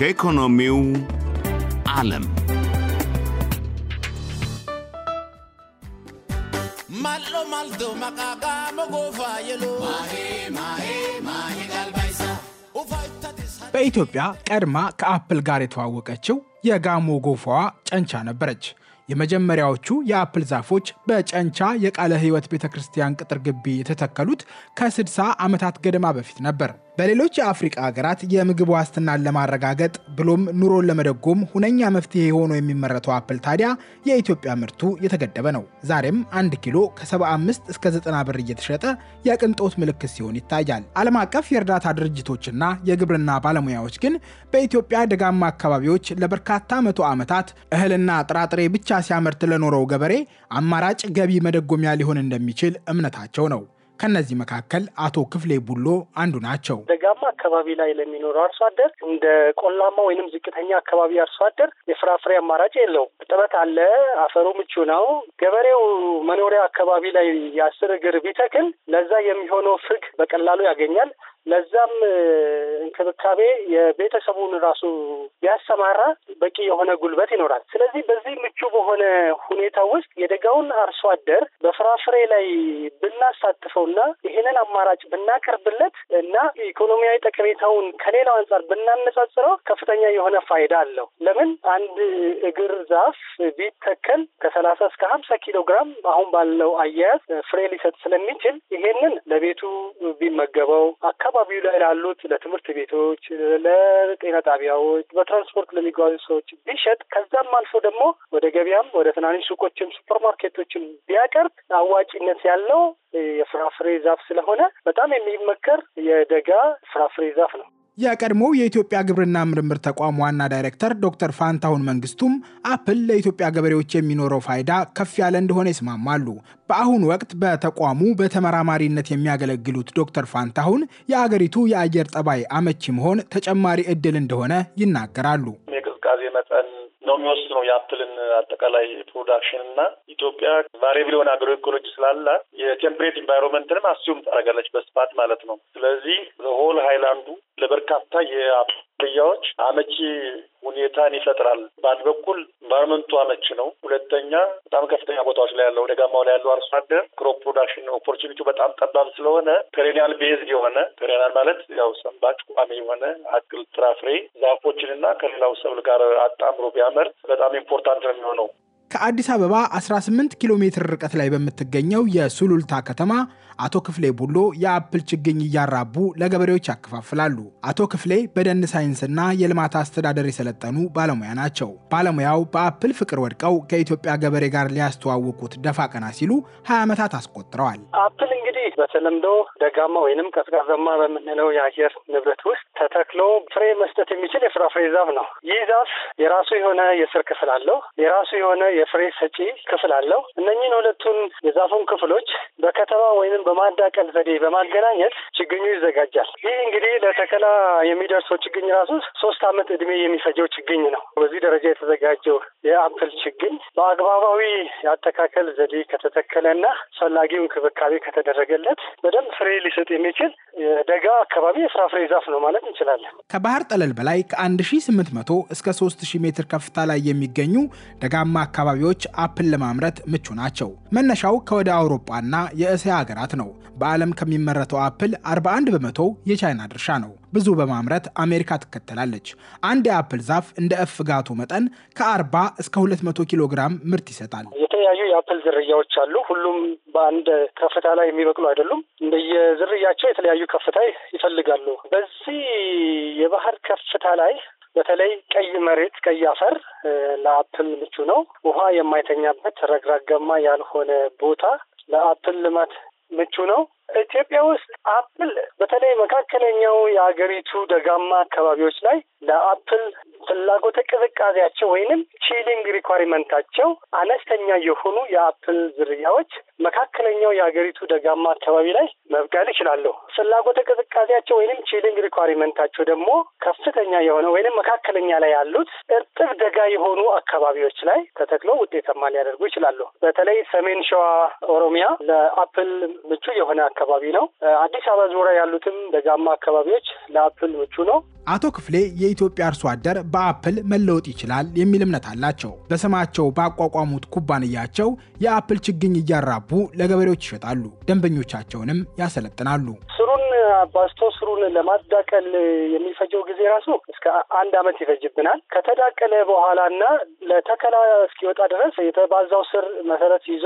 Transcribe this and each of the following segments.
ከኢኮኖሚው ዓለም ማሎ ማልዶ መቃቃ መጎፋ የሎ በኢትዮጵያ ቀድማ ከአፕል ጋር የተዋወቀችው የጋሞ ጎፋዋ ጨንቻ ነበረች። የመጀመሪያዎቹ የአፕል ዛፎች በጨንቻ የቃለ ሕይወት ቤተ ክርስቲያን ቅጥር ግቢ የተተከሉት ከ60 ዓመታት ገደማ በፊት ነበር። በሌሎች የአፍሪቃ ሀገራት የምግብ ዋስትናን ለማረጋገጥ ብሎም ኑሮን ለመደጎም ሁነኛ መፍትሄ ሆኖ የሚመረተው አፕል ታዲያ የኢትዮጵያ ምርቱ የተገደበ ነው። ዛሬም አንድ ኪሎ ከ75 እስከ 90 ብር እየተሸጠ የቅንጦት ምልክት ሲሆን ይታያል። ዓለም አቀፍ የእርዳታ ድርጅቶችና የግብርና ባለሙያዎች ግን በኢትዮጵያ ደጋማ አካባቢዎች ለበርካታ መቶ ዓመታት እህልና ጥራጥሬ ብቻ ሲያመርት ለኖረው ገበሬ አማራጭ ገቢ መደጎሚያ ሊሆን እንደሚችል እምነታቸው ነው። ከእነዚህ መካከል አቶ ክፍሌ ቡሎ አንዱ ናቸው። ደጋማ አካባቢ ላይ ለሚኖረው አርሶ አደር እንደ ቆላማ ወይንም ዝቅተኛ አካባቢ አርሶ አደር የፍራፍሬ አማራጭ የለውም። እጥበት አለ፣ አፈሩ ምቹ ነው። ገበሬው መኖሪያ አካባቢ ላይ የአስር እግር ቢተክል ለዛ የሚሆነው ፍግ በቀላሉ ያገኛል። ለዛም እንክብካቤ የቤተሰቡን ራሱ ቢያሰማራ በቂ የሆነ ጉልበት ይኖራል። ስለዚህ በዚህ ምቹ በሆነ ሁኔታ ውስጥ የደጋውን አርሶ አደር በፍራፍሬ ላይ ብናሳትፈውና ይህንን አማራጭ ብናቀርብለት እና ኢኮኖሚያዊ ጠቀሜታውን ከሌላው አንጻር ብናነጻጽረው ከፍተኛ የሆነ ፋይዳ አለው። ለምን አንድ እግር ዛፍ ቢተከል ከሰላሳ እስከ ሀምሳ ኪሎ ግራም አሁን ባለው አያያዝ ፍሬ ሊሰጥ ስለሚችል ይሄንን ለቤቱ ቢመገበው አካ አካባቢው ላይ ላሉት ለትምህርት ቤቶች፣ ለጤና ጣቢያዎች፣ በትራንስፖርት ለሚጓዙ ሰዎች ቢሸጥ ከዛም አልፎ ደግሞ ወደ ገበያም ወደ ትናንሽ ሱቆችም ሱፐርማርኬቶችም ቢያቀርብ አዋጭነት ያለው የፍራፍሬ ዛፍ ስለሆነ በጣም የሚመከር የደጋ ፍራፍሬ ዛፍ ነው። የቀድሞው የኢትዮጵያ ግብርና ምርምር ተቋም ዋና ዳይሬክተር ዶክተር ፋንታሁን መንግስቱም አፕል ለኢትዮጵያ ገበሬዎች የሚኖረው ፋይዳ ከፍ ያለ እንደሆነ ይስማማሉ። በአሁኑ ወቅት በተቋሙ በተመራማሪነት የሚያገለግሉት ዶክተር ፋንታሁን የአገሪቱ የአየር ጠባይ አመቺ መሆን ተጨማሪ እድል እንደሆነ ይናገራሉ። የቅዝቃዜ መጠን ነው የሚወስነው የአፕልን አጠቃላይ ፕሮዳክሽን እና ኢትዮጵያ ቫሪያብል የሆነ አግሮ ኢኮሎጂ ስላላ የቴምፕሬት ኢንቫይሮንመንትንም አስዩም ታደርጋለች በስፋት ማለት ነው። ስለዚህ በሆል ሀይላንዱ ለበርካታ የአፕልያዎች አመቺ ሁኔታን ይፈጥራል። በአንድ በኩል ኢንቫይሮንመንቱ አመች ነው። ሁለተኛ በጣም ከፍተኛ ቦታዎች ላይ ያለው ደጋማው ላይ ያለው አርሶ አደር ክሮፕ ፕሮዳክሽን ኦፖርቹኒቲው በጣም ጠባብ ስለሆነ ፔሬኒያል ቤዝድ የሆነ ፔሬኒያል ማለት ያው ሰንባጭ ቋሚ የሆነ አክል ፍራፍሬ፣ ዛፎችንና ከሌላው ሰብል ጋር አጣምሮ ቢያ ምርት በጣም ኢምፖርታንት ነው የሚሆነው። ከአዲስ አበባ 18 ኪሎ ሜትር ርቀት ላይ በምትገኘው የሱሉልታ ከተማ አቶ ክፍሌ ቡሎ የአፕል ችግኝ እያራቡ ለገበሬዎች ያከፋፍላሉ። አቶ ክፍሌ በደን ሳይንስና የልማት አስተዳደር የሰለጠኑ ባለሙያ ናቸው። ባለሙያው በአፕል ፍቅር ወድቀው ከኢትዮጵያ ገበሬ ጋር ሊያስተዋውቁት ደፋ ቀና ሲሉ 20 ዓመታት አስቆጥረዋል። አፕል እንግዲህ በተለምዶ ደጋማ ወይንም ቀዝቃዛማ በምንለው የአየር ንብረት ውስጥ ተተክሎ ፍሬ መስጠት የሚችል የፍራፍሬ ዛፍ ነው። ይህ ዛፍ የራሱ የሆነ የስር ክፍል አለው፣ የራሱ የሆነ የፍሬ ሰጪ ክፍል አለው። እነኚህን ሁለቱን የዛፉን ክፍሎች በከተማ ወይንም በማዳቀል ዘዴ በማገናኘት ችግኙ ይዘጋጃል። ይህ እንግዲህ ለተከላ የሚደርሰው ችግኝ ራሱ ሶስት ዓመት እድሜ የሚፈጀው ችግኝ ነው። በዚህ ደረጃ የተዘጋጀው የአፕል ችግኝ በአግባባዊ የአተካከል ዘዴ ከተተከለና አስፈላጊው እንክብካቤ ከተደረገ ከተደረገለት በደንብ ፍሬ ሊሰጥ የሚችል የደጋ አካባቢ የፍራፍሬ ዛፍ ነው ማለት እንችላለን። ከባህር ጠለል በላይ ከ1800 እስከ 3000 ሜትር ከፍታ ላይ የሚገኙ ደጋማ አካባቢዎች አፕል ለማምረት ምቹ ናቸው። መነሻው ከወደ አውሮፓና የእስያ ሀገራት ነው። በዓለም ከሚመረተው አፕል 41 በመቶ የቻይና ድርሻ ነው። ብዙ በማምረት አሜሪካ ትከተላለች። አንድ የአፕል ዛፍ እንደ እፍጋቱ መጠን ከ40 እስከ 200 ኪሎ ግራም ምርት ይሰጣል። የተለያዩ የአፕል ዝርያዎች አሉ። ሁሉም በአንድ ከፍታ ላይ የሚበቅሉ አይደሉም። እንደየዝርያቸው የተለያዩ ከፍታ ይፈልጋሉ። በዚህ የባህር ከፍታ ላይ በተለይ ቀይ መሬት ቀይ አፈር ለአፕል ምቹ ነው። ውሃ የማይተኛበት ረግራጋማ ያልሆነ ቦታ ለአፕል ልማት ምቹ ነው። ኢትዮጵያ ውስጥ አፕል በተለይ መካከለኛው የአገሪቱ ደጋማ አካባቢዎች ላይ ለአፕል ፍላጎተ ቅዝቃዜያቸው ወይንም ቺሊንግ ሪኳሪመንታቸው አነስተኛ የሆኑ የአፕል ዝርያዎች መካከለኛው የሀገሪቱ ደጋማ አካባቢ ላይ መብቀል ይችላሉ። ፍላጎተ ቅዝቃዜያቸው ወይንም ቺሊንግ ሪኳሪመንታቸው ደግሞ ከፍተኛ የሆነ ወይንም መካከለኛ ላይ ያሉት እርጥብ ደጋ የሆኑ አካባቢዎች ላይ ተተክሎ ውጤታማ ሊያደርጉ ይችላሉ። በተለይ ሰሜን ሸዋ ኦሮሚያ ለአፕል ምቹ የሆነ አካባቢ ነው። አዲስ አበባ ዙሪያ ያሉትም ደጋማ አካባቢዎች ለአፕል ምቹ ነው። አቶ ክፍሌ የኢትዮጵያ አርሶ አደር በ በአፕል መለወጥ ይችላል የሚል እምነት አላቸው። በስማቸው ባቋቋሙት ኩባንያቸው የአፕል ችግኝ እያራቡ ለገበሬዎች ይሸጣሉ፣ ደንበኞቻቸውንም ያሰለጥናሉ። አባዝቶ ስሩን ለማዳቀል የሚፈጀው ጊዜ ራሱ እስከ አንድ አመት ይፈጅብናል። ከተዳቀለ በኋላና ለተከላ እስኪወጣ ድረስ የተባዛው ስር መሰረት ይዞ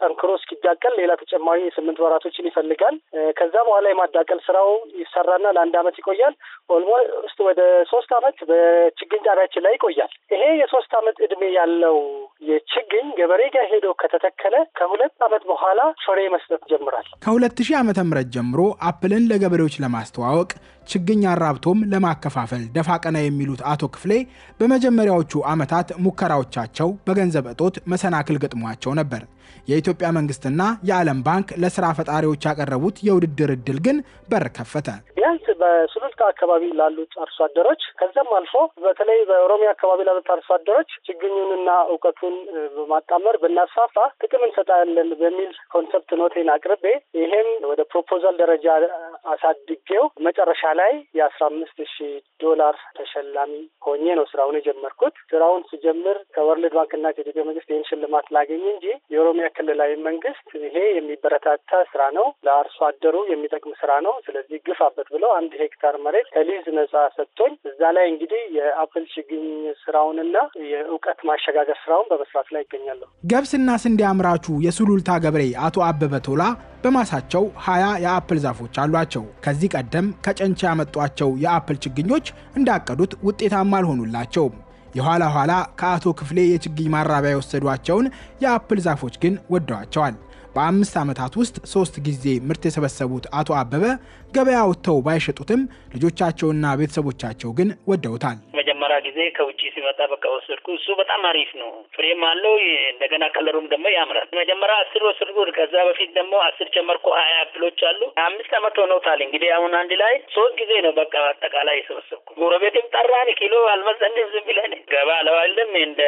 ጠንክሮ እስኪዳቀል ሌላ ተጨማሪ ስምንት ወራቶችን ይፈልጋል። ከዛ በኋላ የማዳቀል ስራው ይሰራና ለአንድ ዓመት ይቆያል። ኦልሞስት ወደ ሶስት ዓመት በችግኝ ጣቢያችን ላይ ይቆያል። ይሄ የሶስት ዓመት እድሜ ያለው የችግኝ ገበሬ ጋር ሄዶ ከተተከለ ከሁለት ዓመት በኋላ ፍሬ መስጠት ጀምራል። ከሁለት ሺህ ዓመተ ምህረት ጀምሮ አፕልን ለገበሬዎች ለማስተዋወቅ ችግኝ አራብቶም ለማከፋፈል ደፋ ቀና የሚሉት አቶ ክፍሌ በመጀመሪያዎቹ ዓመታት ሙከራዎቻቸው በገንዘብ እጦት መሰናክል ገጥሟቸው ነበር። የኢትዮጵያ መንግስትና የዓለም ባንክ ለስራ ፈጣሪዎች ያቀረቡት የውድድር እድል ግን በር ከፈተ። ቢያንስ በሱሉልታ አካባቢ ላሉት አርሶ አደሮች ከዚያም አልፎ በተለይ በኦሮሚያ አካባቢ ላሉት አርሶ አደሮች ችግኙንና እውቀቱን በማጣመር ብናስፋፋ ጥቅም እንሰጣለን በሚል ኮንሰፕት ኖቴን አቅርቤ ይሄም ፕሮፖዛል ደረጃ አሳድጌው መጨረሻ ላይ የአስራ አምስት ሺህ ዶላር ተሸላሚ ሆኜ ነው ስራውን የጀመርኩት። ስራውን ስጀምር ከወርልድ ና ከኢትዮጵያ መንግስት ይህን ሽልማት ላገኝ እንጂ የኦሮሚያ ክልላዊ መንግስት ይሄ የሚበረታታ ስራ ነው፣ ለአርሶ አደሩ የሚጠቅም ስራ ነው፣ ስለዚህ ግፋበት ብለው አንድ ሄክታር መሬት ከሊዝ ነጻ ሰጥቶኝ እዛ ላይ እንግዲህ የአፕል ችግኝ ስራውንና የእውቀት ማሸጋገር ስራውን በመስራት ላይ ይገኛለሁ። ገብስና ስንዴ አምራቹ የሱሉልታ ገብሬ አቶ አበበ ቶላ በማሳቸው ሀያ ሀያ የአፕል ዛፎች አሏቸው። ከዚህ ቀደም ከጨንቻ ያመጧቸው የአፕል ችግኞች እንዳቀዱት ውጤታማ አልሆኑላቸውም። የኋላ ኋላ ከአቶ ክፍሌ የችግኝ ማራቢያ የወሰዷቸውን የአፕል ዛፎች ግን ወደዋቸዋል። በአምስት ዓመታት ውስጥ ሶስት ጊዜ ምርት የሰበሰቡት አቶ አበበ ገበያ ወጥተው ባይሸጡትም ልጆቻቸውና ቤተሰቦቻቸው ግን ወደውታል። ለምርመራ ጊዜ ከውጭ ሲመጣ በቃ ወሰድኩ። እሱ በጣም አሪፍ ነው። ፍሬም አለው እንደገና ከለሩም ደግሞ ያምራል። መጀመሪያ አስር ወሰድኩ። ከዛ በፊት ደግሞ አስር ጨመርኩ። ሀያ አፕሎች አሉ። አምስት አመት ሆኖታል እንግዲህ አሁን አንድ ላይ ሶስት ጊዜ ነው በቃ አጠቃላይ የሰበሰብኩ። ጎረቤትም ጠራን። ኪሎ አልመዘንም ዝም ብለን ገባ አለዋልም እንደ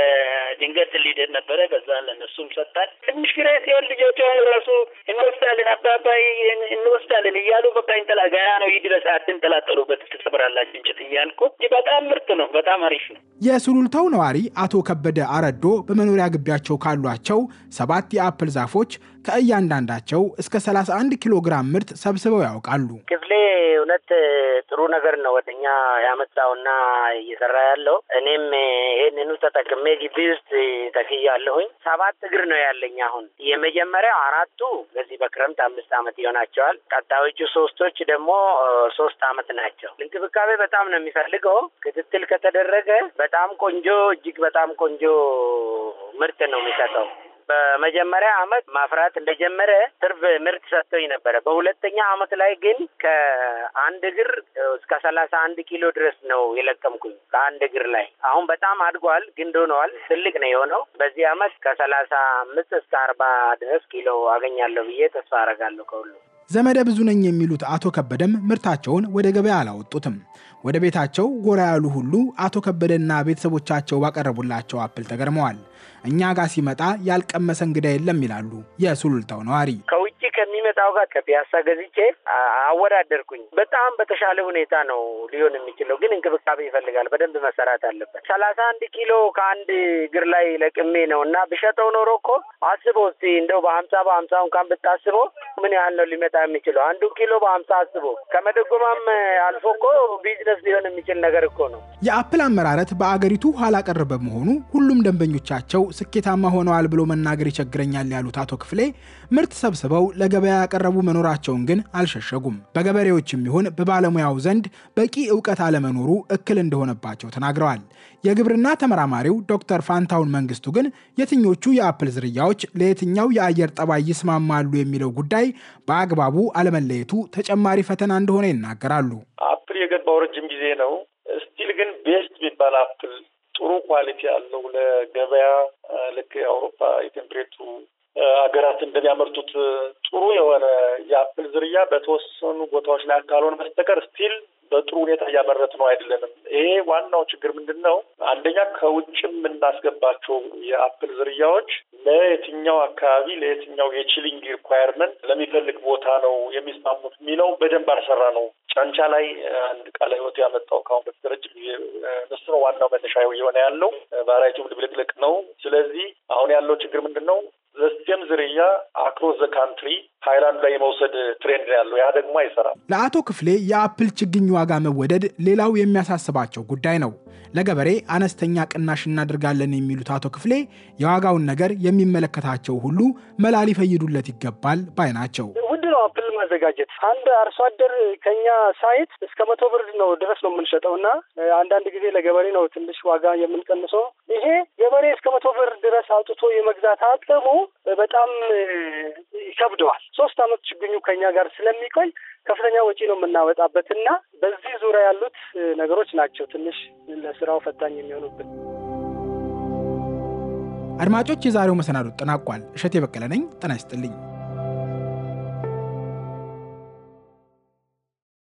ድንገት ሊደር ነበረ። በዛ ለእነሱም ሰጣል። ትንሽ ግራ ሲሆን ልጆች አሁን ራሱ እንወስዳለን አባባይ እንወስዳለን እያሉ በቃ ይንጠላ ገና ነው ይድረስ አትንጠላጠሉበት ትሰብራላችሁ እንጨት እያልኩ በጣም ምርጥ ነው። በጣም አሪፍ ነው። የሱሉልታው ነዋሪ አቶ ከበደ አረዶ በመኖሪያ ግቢያቸው ካሏቸው ሰባት የአፕል ዛፎች ከእያንዳንዳቸው እስከ 31 ኪሎ ግራም ምርት ሰብስበው ያውቃሉ። ክፍሌ እውነት ጥሩ ነገር ነው ወደኛ ያመጣውና እየሰራ ያለው እኔም ይህንኑ ተጠቅሜ ግቢ ውስጥ ተክያለሁኝ። ሰባት እግር ነው ያለኝ። አሁን የመጀመሪያው አራቱ በዚህ በክረምት አምስት ዓመት ይሆናቸዋል። ቀጣዮቹ ሶስቶች ደግሞ ሶስት አመት ናቸው። እንክብካቤ በጣም ነው የሚፈልገው ክትትል ከተ ከተደረገ በጣም ቆንጆ እጅግ በጣም ቆንጆ ምርት ነው የሚሰጠው። በመጀመሪያ አመት ማፍራት እንደጀመረ ትርፍ ምርት ሰጥቶኝ ነበረ። በሁለተኛ አመት ላይ ግን ከአንድ እግር እስከ ሰላሳ አንድ ኪሎ ድረስ ነው የለቀምኩኝ ከአንድ እግር ላይ። አሁን በጣም አድጓል፣ ግንድ ሆነዋል፣ ትልቅ ነው የሆነው። በዚህ አመት ከሰላሳ አምስት እስከ አርባ ድረስ ኪሎ አገኛለሁ ብዬ ተስፋ አረጋለሁ። ከሁሉ ዘመደ ብዙ ነኝ የሚሉት አቶ ከበደም ምርታቸውን ወደ ገበያ አላወጡትም። ወደ ቤታቸው ጎራ ያሉ ሁሉ አቶ ከበደና ቤተሰቦቻቸው ባቀረቡላቸው አፕል ተገርመዋል። እኛ ጋር ሲመጣ ያልቀመሰ እንግዳ የለም ይላሉ የሱሉልታው ነዋሪ። ከሚመጣው ጋር ከፒያሳ ገዝቼ አወዳደርኩኝ። በጣም በተሻለ ሁኔታ ነው ሊሆን የሚችለው፣ ግን እንክብካቤ ይፈልጋል። በደንብ መሰራት አለበት። ሰላሳ አንድ ኪሎ ከአንድ እግር ላይ ለቅሜ ነው እና ብሸጠው ኖሮ እኮ አስቦ እስኪ እንደው በሀምሳ በሀምሳ እንኳን ብታስቦ ምን ያህል ነው ሊመጣ የሚችለው? አንዱ ኪሎ በሀምሳ አስቦ ከመደጎማም አልፎ እኮ ቢዝነስ ሊሆን የሚችል ነገር እኮ ነው። የአፕል አመራረት በአገሪቱ ኋላ ቀር በመሆኑ ሁሉም ደንበኞቻቸው ስኬታማ ሆነዋል ብሎ መናገር ይቸግረኛል ያሉት አቶ ክፍሌ ምርት ሰብስበው ለገበያ ያቀረቡ መኖራቸውን ግን አልሸሸጉም። በገበሬዎችም ይሁን በባለሙያው ዘንድ በቂ እውቀት አለመኖሩ እክል እንደሆነባቸው ተናግረዋል። የግብርና ተመራማሪው ዶክተር ፋንታውን መንግስቱ ግን የትኞቹ የአፕል ዝርያዎች ለየትኛው የአየር ጠባይ ይስማማሉ የሚለው ጉዳይ በአግባቡ አለመለየቱ ተጨማሪ ፈተና እንደሆነ ይናገራሉ። አፕል የገባው ረጅም ጊዜ ነው። ስቲል ግን ቤስት የሚባል አፕል ጥሩ ኳሊቲ ያለው ለገበያ ልክ የአውሮፓ የቴምፕሬቱ ሀገራት እንደሚያመርቱት ጥሩ የሆነ የአፕል ዝርያ በተወሰኑ ቦታዎች ላይ ካልሆነ በስተቀር ስቲል በጥሩ ሁኔታ እያመረት ነው አይደለንም። ይሄ ዋናው ችግር ምንድን ነው? አንደኛ ከውጭ የምናስገባቸው የአፕል ዝርያዎች ለየትኛው አካባቢ ለየትኛው የቺሊንግ ሪኳየርመንት ለሚፈልግ ቦታ ነው የሚስማሙት የሚለው በደንብ አልሰራ ነው። ጫንቻ ላይ አንድ ቃለ ህይወት ያመጣው ከአሁን በፊት ረጅም ጊዜ እሱ ነው ዋናው መነሻ የሆነ ያለው ቫራይቲውም ልብልቅልቅ ነው። ስለዚህ አሁን ያለው ችግር ምንድን ነው? ዝርያ አክሮስ ዘ ካንትሪ ሀይላንድ ላይ የመውሰድ ትሬንድ ያለው። ያ ደግሞ አይሰራም። ለአቶ ክፍሌ የአፕል ችግኝ ዋጋ መወደድ ሌላው የሚያሳስባቸው ጉዳይ ነው። ለገበሬ አነስተኛ ቅናሽ እናደርጋለን የሚሉት አቶ ክፍሌ የዋጋውን ነገር የሚመለከታቸው ሁሉ መላ ሊፈይዱለት ይገባል ባይ ናቸው። ማዘጋጀት አንድ አርሶ አደር ከኛ ሳይት እስከ መቶ ብር ነው ድረስ ነው የምንሸጠው እና አንዳንድ ጊዜ ለገበሬ ነው ትንሽ ዋጋ የምንቀንሰው። ይሄ ገበሬ እስከ መቶ ብር ድረስ አውጥቶ የመግዛት አቅሙ በጣም ይከብደዋል። ሶስት አመት ችግኙ ከኛ ጋር ስለሚቆይ ከፍተኛ ወጪ ነው የምናወጣበት እና በዚህ ዙሪያ ያሉት ነገሮች ናቸው ትንሽ ለስራው ፈታኝ የሚሆኑብን። አድማጮች፣ የዛሬው መሰናዶ ጠናቋል። እሸት የበቀለ ነኝ። ጤና ይስጥልኝ።